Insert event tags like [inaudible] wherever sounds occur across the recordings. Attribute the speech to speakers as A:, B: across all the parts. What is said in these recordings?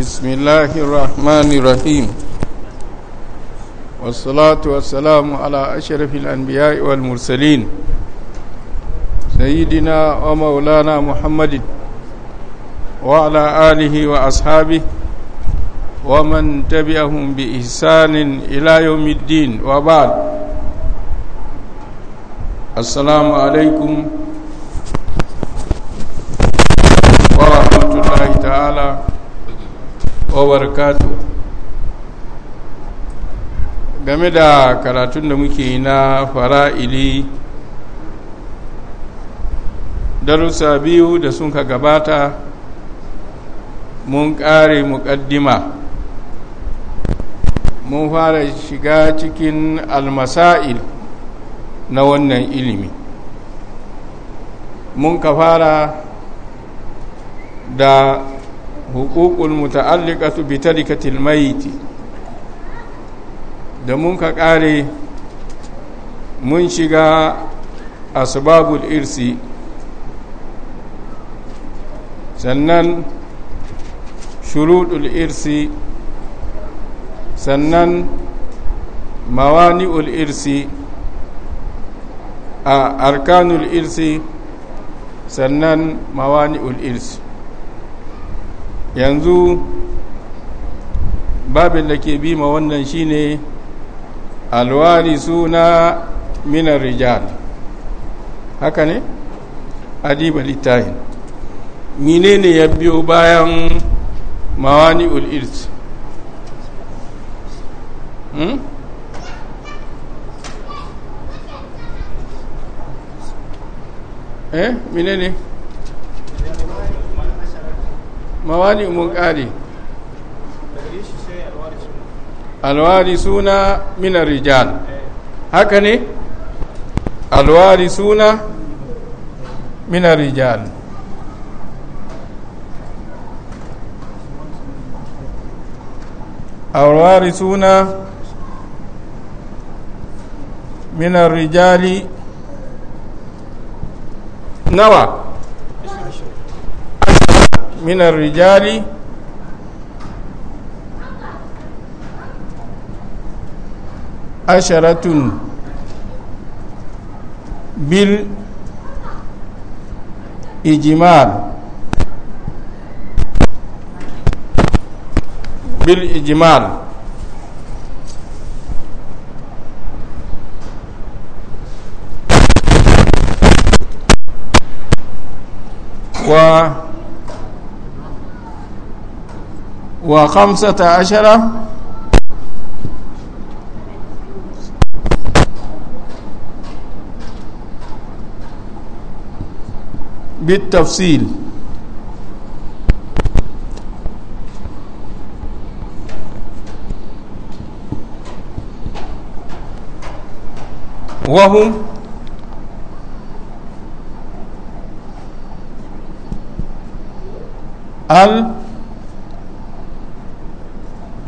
A: بسم الله الرحمن الرحيم والصلاة والسلام على أشرف الأنبياء والمرسلين سيدنا ومولانا محمد وعلى آله وأصحابه ومن تبعهم بإحسان إلى يوم الدين وبعد السلام عليكم wabarakatu game da karatun da muke yi na fara'ili darussa biyu da sun ka gabata mun ƙare muƙaddima mun fara shiga cikin almasa'il na wannan ilimi mun ka fara da hukukul muta'alliqatu bi tarikatil da mun ka kare mun shiga asbabul irsi sannan shuruɗul irsi sannan mawani'ul irsi a arkanul irsi sannan mawani'ul irsi yanzu babin da ke bi ma wannan shine alwari suna minar rijal haka ne adiba littahin mine ne ya biyo bayan mawani ul'irt hmm? eh mine ne mawani mun kare alwari suna minar rijal haka ne alwari suna minar rijal alwari suna minar rijali nawa no. من الرجال عشرة بالإجمال بالإجمال و وخمسة عشر بالتفصيل وهم ال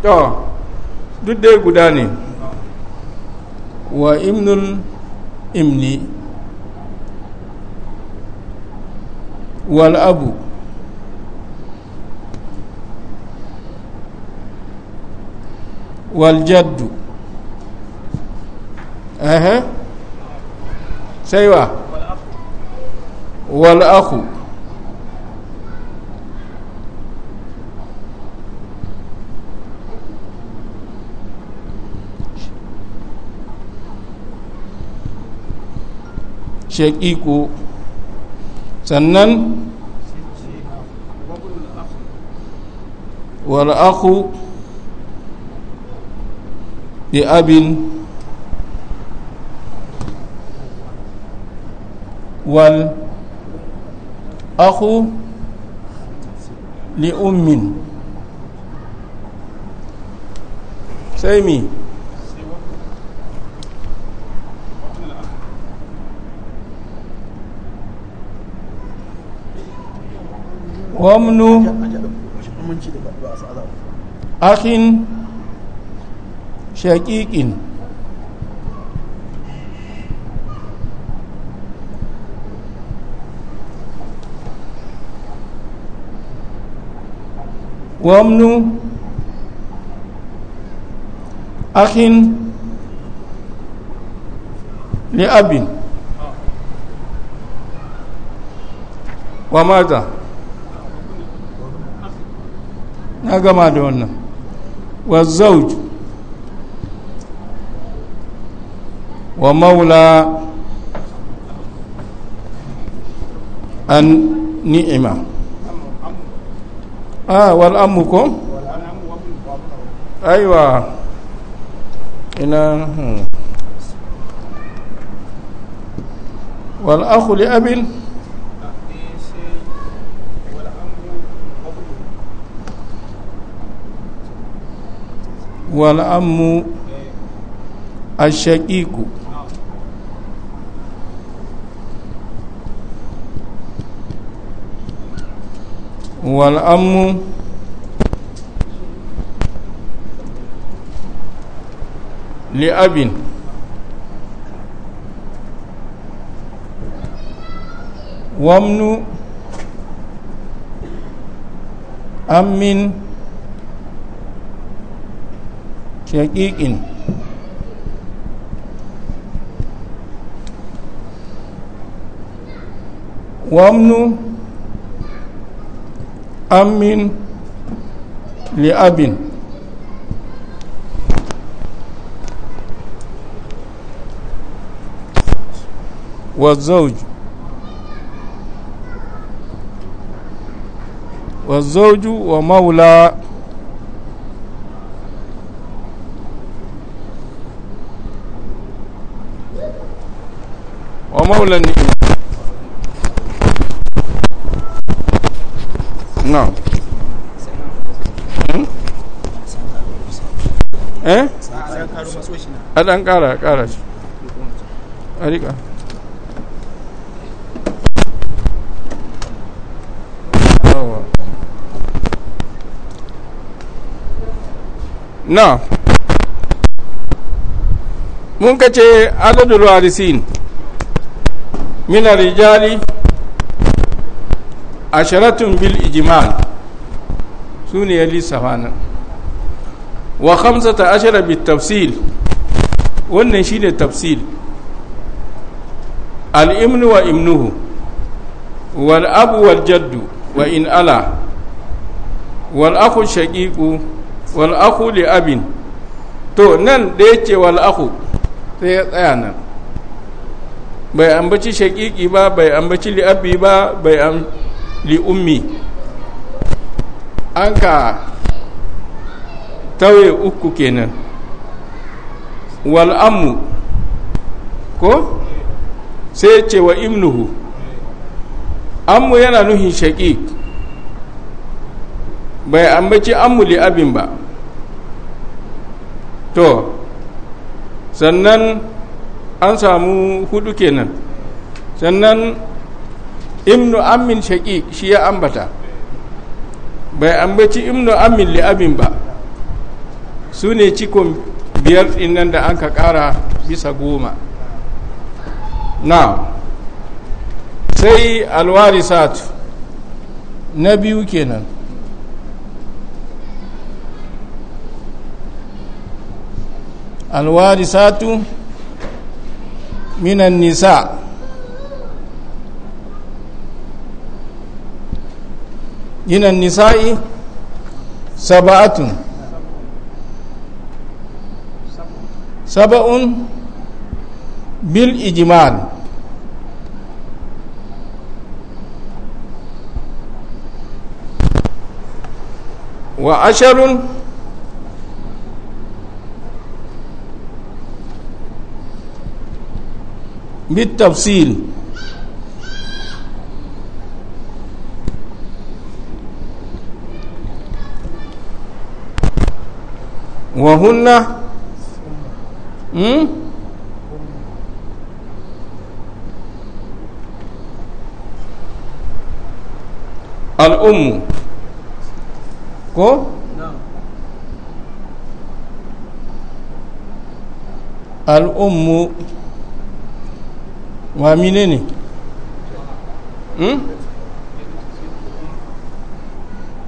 A: to duk dai guda ne wa imnul imni wal abu wal jaddu sai wa wal shaƙiƙu sannan wal'aku bi abin wal aku li ummin sai mi ƙwamnu ƙarfin shaƙiƙin ƙwamnu ƙarfin ni abin na gama da wannan wazzauj wa maula an ni'ima wal ko aiwa ina hmm. wal akhu li abin amu a shaƙiƙu wal'ammu li'abin wamnu amin. shaƙiƙin wamnu amin li'abin والزوج والزوج ومولى مولى النعمة نعم eh? na mun من الرجال عشرة بالإجمال سوني لي سفانا وخمسة عشر بالتفصيل والنشيد التفصيل الإمن وإمنه والأب والجد وإن ألا والأخ الشقيق والأخ لأب تو نن ديتي والأخ سيطانا bai ambaci shakiki ba bai ambaci li'abbi ba bai am li'ummi an ka tauye uku kenan wal'ammu ko sai ce wa imnuhu ammu yana nuhin shakik bai ambaci ammu li'abin ba to sannan an samu hudu kenan sannan ibnu amin shaƙi shi ya ambata bai ambaci ibnu amin li'abin ba su ne cikon biyar nan da an ka ƙara bisa goma na sai satu na biyu kenan satu. من النساء من النساء سبعة سبع بالإجمال وعشر بالتفصيل وهن الأم كو الأم wa mine ne hmm?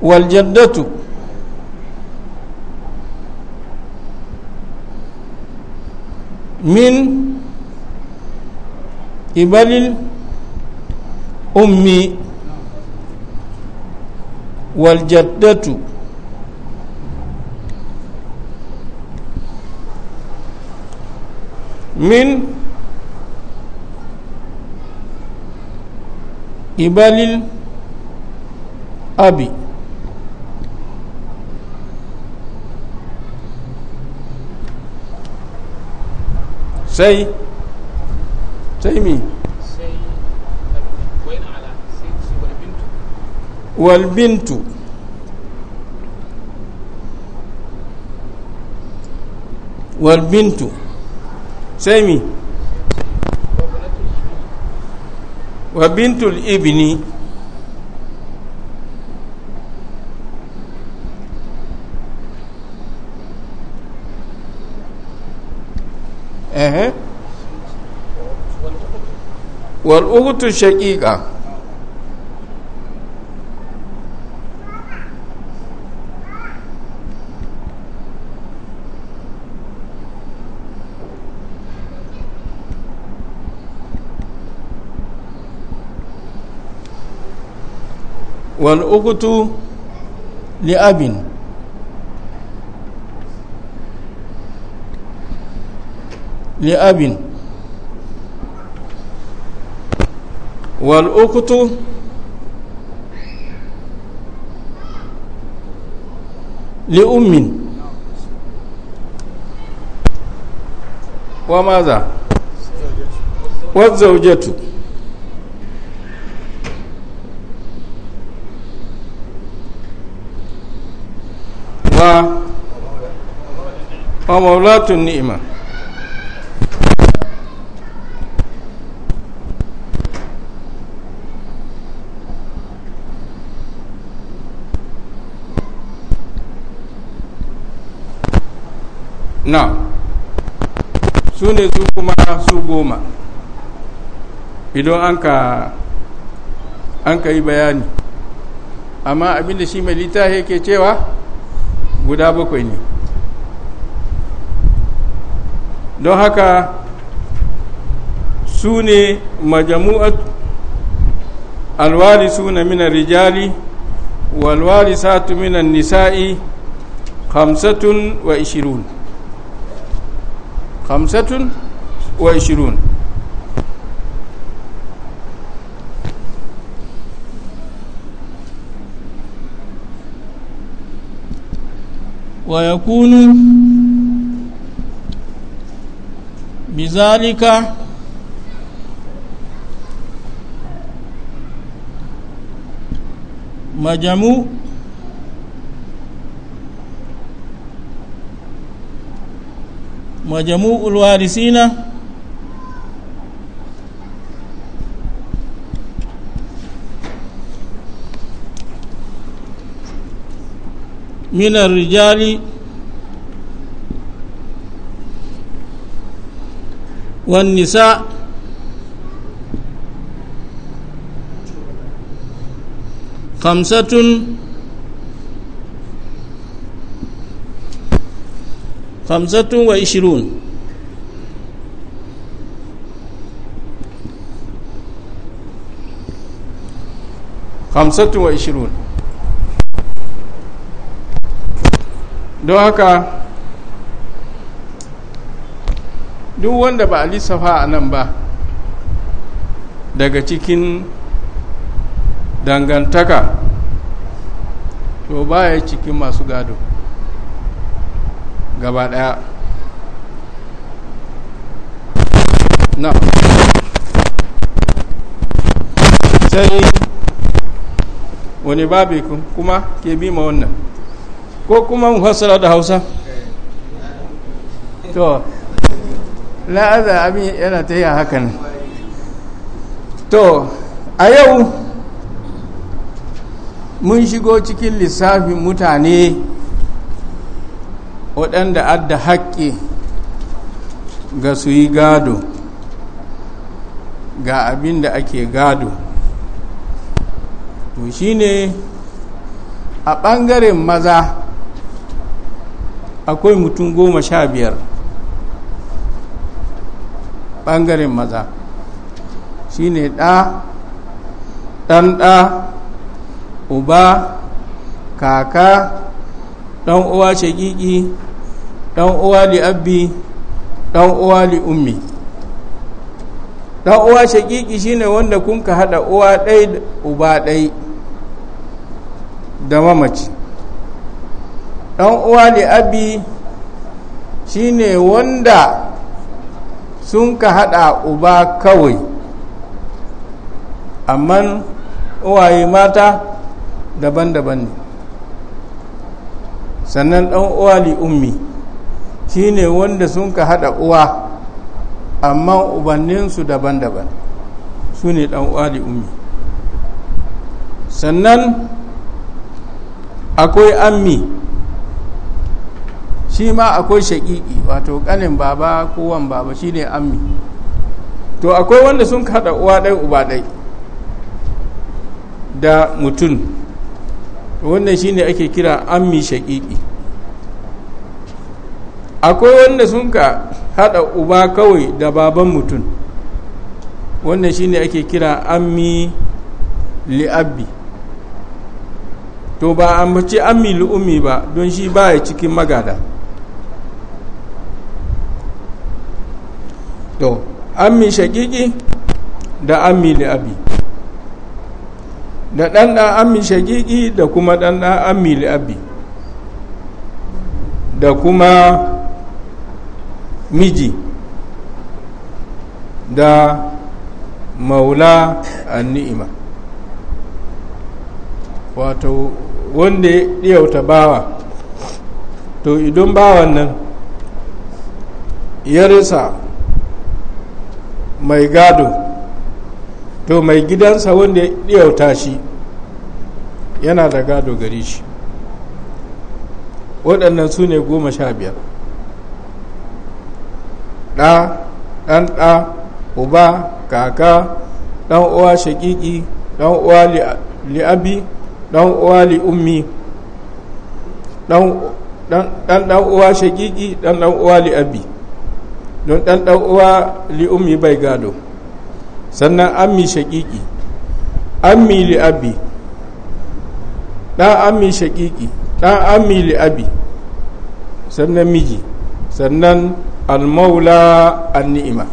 A: waljaddatu min ibalil ummi waljaddatu min قبل الأب سي سي مين سي وين على والبنت والبنت والبنت سي wa bintul ibni wal ukhtu shaqiqa wal ukhtu li abin li abin wal ukhtu wa maulatun ni'ima na su ne su su goma idan an ka an ka yi bayani amma abinda shi mai littafi yake cewa guda bakwai ne don haka su ne majamu'at alwarisu na minar rijali satu minan nisa'i hamsatun wa ishirun hamsatun wa ishirun ويكون bidhalika majamu majamuu alwarisina min arrijali والنساء خمسة خمسة وعشرون خمسة وعشرون دعاك duk wanda ba a lissafa a nan ba daga cikin dangantaka to baya cikin masu gado gaba daya na sai wani babi kuma ke bi ma wannan ko kuma hasara da hausa to la'aza abin yana ta yi hakan to a yau mun shigo cikin lissafin mutane waɗanda adda haƙƙi ga su yi gado ga abin da ake gado to shi ne a ɓangaren maza akwai mutum goma sha biyar ɓangaren maza shi ne ɗa ɗan ɗa uba kaka ɗan uwa shaƙiƙi ɗan uwa li abbi ɗan uwa li ummi ɗan uwa shaƙiƙi ne wanda kun ka haɗa uwa ɗai uba ɗai da mamaci ɗan uwa li abbi ne wanda sun ka haɗa uba kawai amma uwaye mata daban-daban ne sannan ɗan uwa li ummi shine wanda sun ka haɗa uwa amma ubanninsu daban-daban su ne ɗan uwa li ummi sannan akwai ammi shi ma akwai shaƙiƙi wato ƙanin baba kowan baba shi ne ammi to akwai wanda sun haɗa uwa ɗai uba ɗai da mutum wannan shi ne ake kira ammi shaƙiƙi akwai wanda sun ka haɗa uba kawai da baban mutum wannan shi ne ake kira ammi li'abbi to ba a mace ammi li'ummi ba don shi ba ya cikin magada to ammi shaƙiƙi da ammi li abi da ɗan ɗan ammi shaƙiƙi da kuma ɗan ɗan ammi li abi da kuma miji da maula an ni'ima wato wanda ya ɗiyauta bawa to idan bawan nan ya risa mai gado to mai gidansa wanda ya ɗiyauta shi yana da gado gari shi waɗannan su ne goma sha biyar ɗa ɗan ɗa uba kaka ɗan uwa shaƙiƙi ɗan uwa li'abi ɗan uwa li'ummi ɗan ɗan uwa shaƙiƙi ɗan ɗan uwa li'abi don ɗan uwa li'ummi bai gado sannan ammi shaƙiƙi ammi li'abi ɗan ammi shaƙiƙi ɗan ammi li'abi sannan miji sannan almaula an ni'ima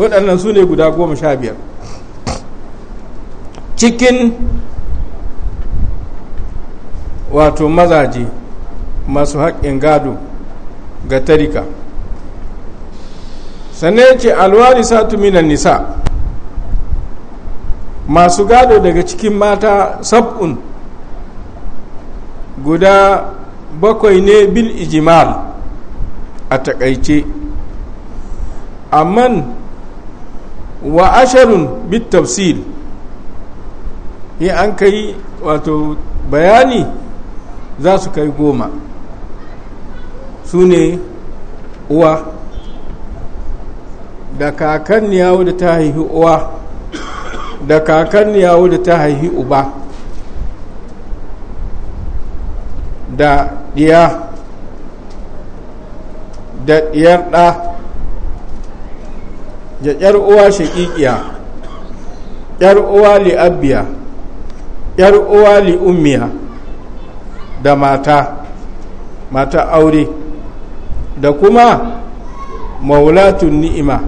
A: waɗannan su ne guda goma sha biyar cikin wato mazaje masu haƙƙin gado ga tarika sannan ya ce satu minan nisa masu gado daga cikin mata sab'un guda bakwai ne bil ijimal a takaice amman wa asharun bit tafsil yi an kai wato bayani za su kai goma su ne uwa da kakanniya wadda ta haihi uwa da kakanniya wadda ta haihi uba da ɗiya da ɗiyar ɗa da ƴar uwa shaƙiƙiya ƴar uwa li'abbiya ƴar uwa li'ummiya da mata mata aure da kuma maulatun ni'ima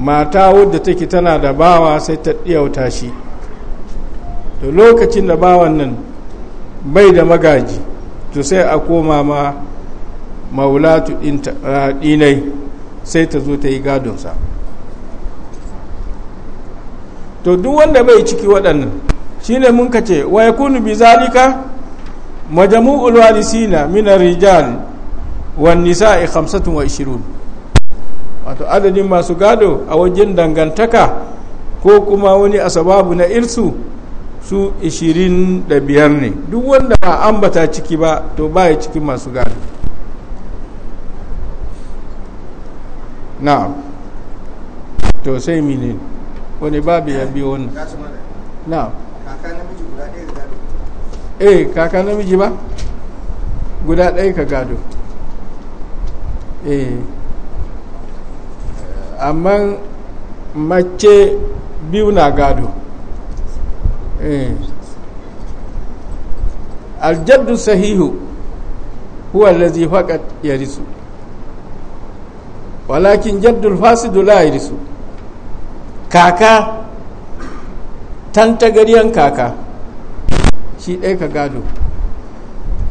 A: mata wadda take tana da bawa sai ta ɗiyauta shi to lokacin da bawan nan bai da magaji to sai a koma ma maulatu ɗinai sai ta zo ta yi gadonsa to duk wanda bai ciki waɗannan shine mun ka ce wa kunu bi zalika majamu'ul walisina min rijal wan nisa'i ishirun wato adadin masu gado a wajen dangantaka ko kuma wani asababu na irsu su ishirin da biyar ne duk wanda ba ambata ciki ba to ba ya cikin masu gado na'am to sai mini wani babu ya biyo wani na'am kaka namiji guda ɗaya ga gado eh kaka namiji ba guda ɗaya ka gado Eh. amma mace biyu na gado eh. aljaddu sahihu huwa allazi ya risu walakin jaddul fasidu la risu. kaka tantagariyan kaka shi ɗaya ka gado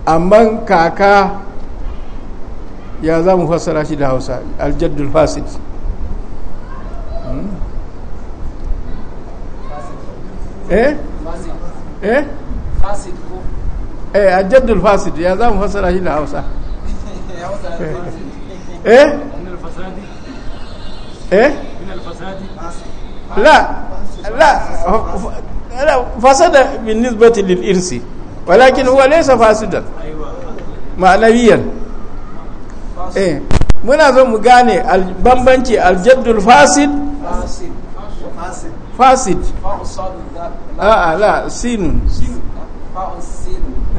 A: amma kaka يا ذا مفسر أشد هوسا الجد الفاسد إيه إيه فاسد إيه؟, إيه الجد الفاسد يا ذا مفسر أشد هوسا [laughs] إيه. إيه من الفساد إيه من الفساد لا لا لا فسد بالنسبة للإرث ولكن هو ليس فاسدا أيوة. معنويا أيوة. Eh, muna zo mu gane bambanci aljaddul fasid fasid a'a ah, ah, la sinun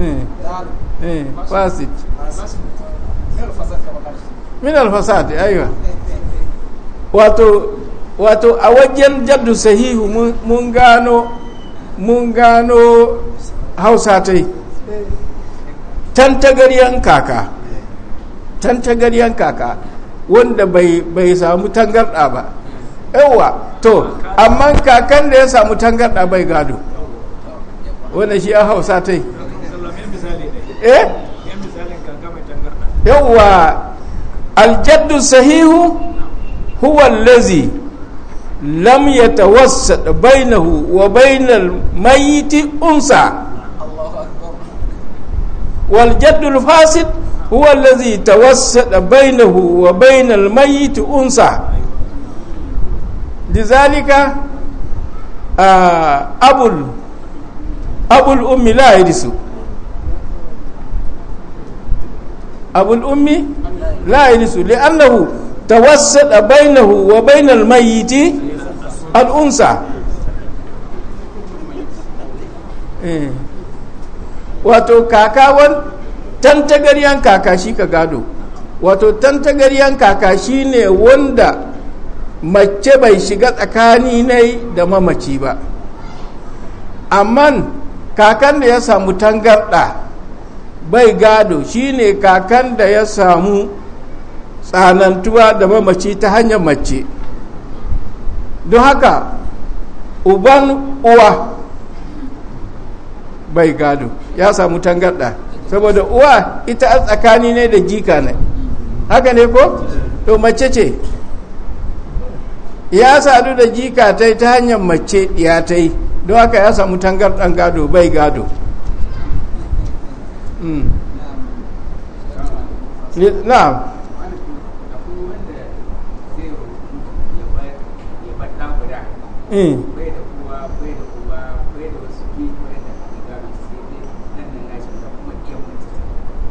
A: eh, eh, fasid min alfasad aiwa wato wato a wajen jaddu sahihu mun gano mun gano hausa tai tantagar yan kaka tantagaryen kaka wanda bai samu tangarda ba yauwa to amma kakan da ya samu tangarda bai gado wanda shi ya hausa ta yi eh? yauwa aljaddu sahihu huwa lazi lam da bainahu wa bainar mayiti unsa waljaddu fasid huwa allazi tawassada bainahu wa bainal mayyit unsa lidhalika abul abul ummi la yarisu abul ummi la yarisu li'annahu tawassada bainahu wa bainal mayyit al unsa wato kaka tantagaryan kaka shi ka gado wato tantagaryan kaka shi ne wanda mace bai shiga tsakani ne da mamaci ba amma kakan da ya samu tangarɗa bai gado shi ne kakan da ya samu tsanantuwa da mamaci ta hanyar mace don haka uban uwa bai gado ya samu tangarɗa saboda uwa ita a tsakani ne da jika ne haka ne ko to mace ce ya sadu da jika ta ta hanyar mace ya ta yi don haka ya samu tangar dan gado bai gado Mm.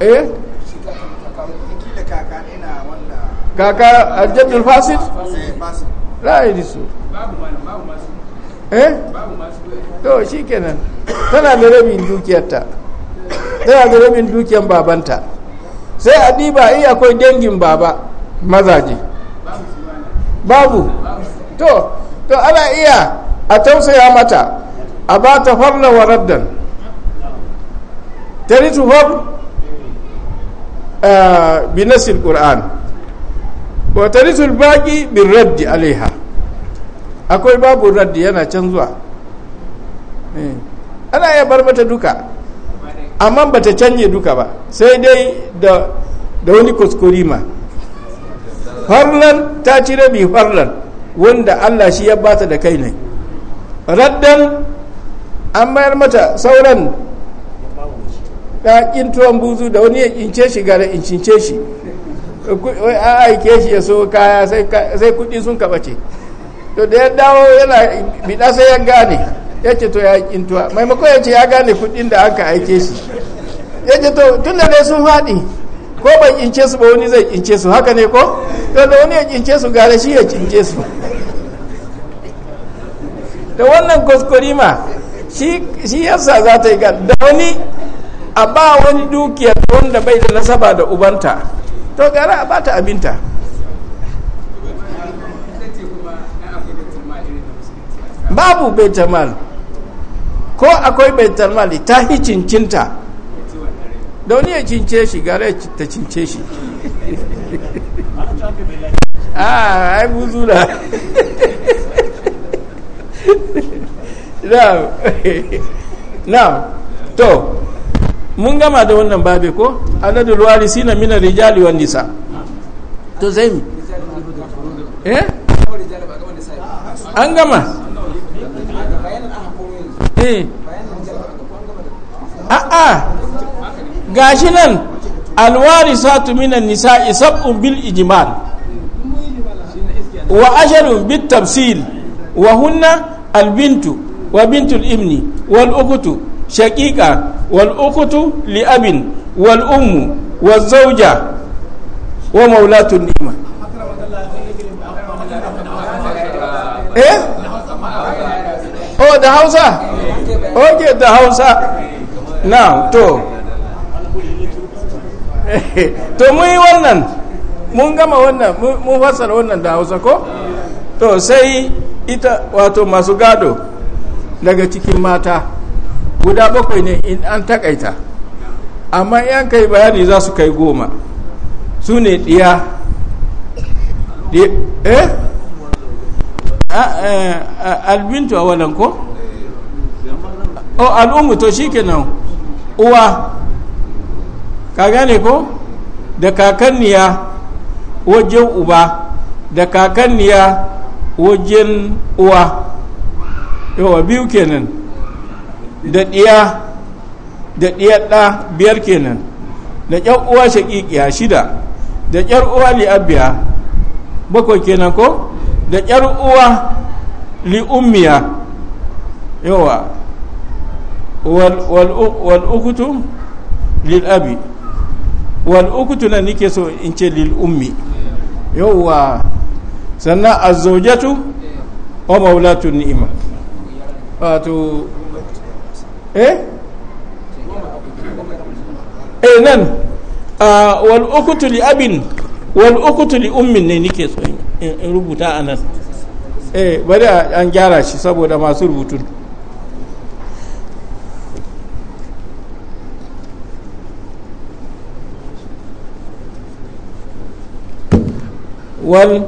A: eh kaka aljabdul fasid ra'ayi da su eh to shikenan tana da rabin dukiyarta tana da rabin dukiyar babanta sai a diba in akwai dangin baba mazaje babu to to ana iya a tausaya mata a ba ta farna wa raddan ta ritu بنص القرآن وترث الباقي بالرد عليها akwai babu raddi yana can ana iya bar mata duka amma ba ta canje duka ba sai dai da wani kuskuri ma farlan ta ci rabi farlan wanda allah shi ya bata da kai ne raddan an bayar mata sauran da ƙin tuwon buzu da wani ya ƙince shi gara in cince shi a aike shi ya so kaya sai kudi sun kabace to da ya dawo yana bida sai ya gane ya ce to ya kintuwa maimakon ya ce ya gane kudin da aka aike shi ya ce to tun da dai sun haɗi ko ban ƙince su ba wani zai ƙince su haka ne ko to da wani ya ƙince su gara shi ya ƙince su da wannan kuskurima shi yasa za ta yi ga da wani a ba wani dukiyar wanda bai da nasaba da ubanta to gara a ba ta abinta babu betamal ko akwai betamal ta hi cincinta da wani ya cince shi gara ta cince shi a yi buzu da na to mun gama da wannan babe ko adadul rijali nisa to mi eh an gama eh a'a gashi nan alwarisatu minan nisa'i sab'un bil ijmal wa asharun bit tafsil wa hunna albintu wa bintul ibni wal ukhtu shaqiqa wal لأب li abin wal النعمة wal zauja wa هاوسا؟ ده هاوسا؟ نعم تو تو مي ونن mun gama wannan mun fassara wannan da hausa ko sai ita wato masu gado daga cikin mata guda bakwai ne in an takaita amma yan kai bayani za su kai goma su ne ɗiya eh? eh albintu a wadan ko? oh al'ummu to shi kenan uwa ka gane ko? da kakanniya wajen uba da kakanniya wajen uwa yawa biyu kenan da ɗiya da ɗiyar ɗa biyar kenan da ƙyar uwa shaƙiƙiya shida da ƙyar uwa li'abiya bakwai kenan ko da ƙyar uwa li'ummiya yawa wal'ukutu lil'abi wal'ukutu na nike so in ce lil'ummi yawa sannan azaujatu wa maulatu ni'ima wato eh eh nan ah, wal ukutu li abin wal ukutu li ummin ne nike so in rubuta anan eh bari an gyara shi saboda masu rubutu wal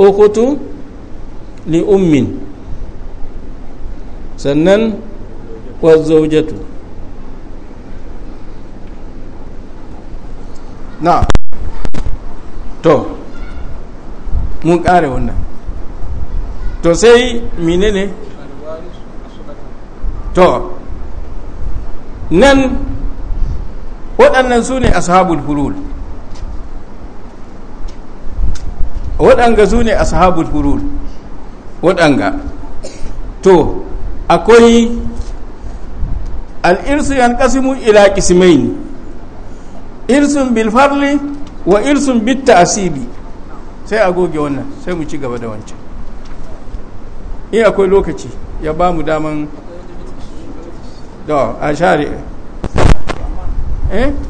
A: ukutu. li ummin sannan wazzaujatu na to mun kare wannan to sai mine ne to nan waɗannan su ne ashabul hurul waɗanga su ne ashabul hurul waɗanga to akwai al'irsu yan ƙasimu ila ƙisimaini irsun bilfarli wa irsun bitta asibi sai a goge wannan sai mu ci gaba da wancan in akwai lokaci ya ba mu daman da a shari'a eh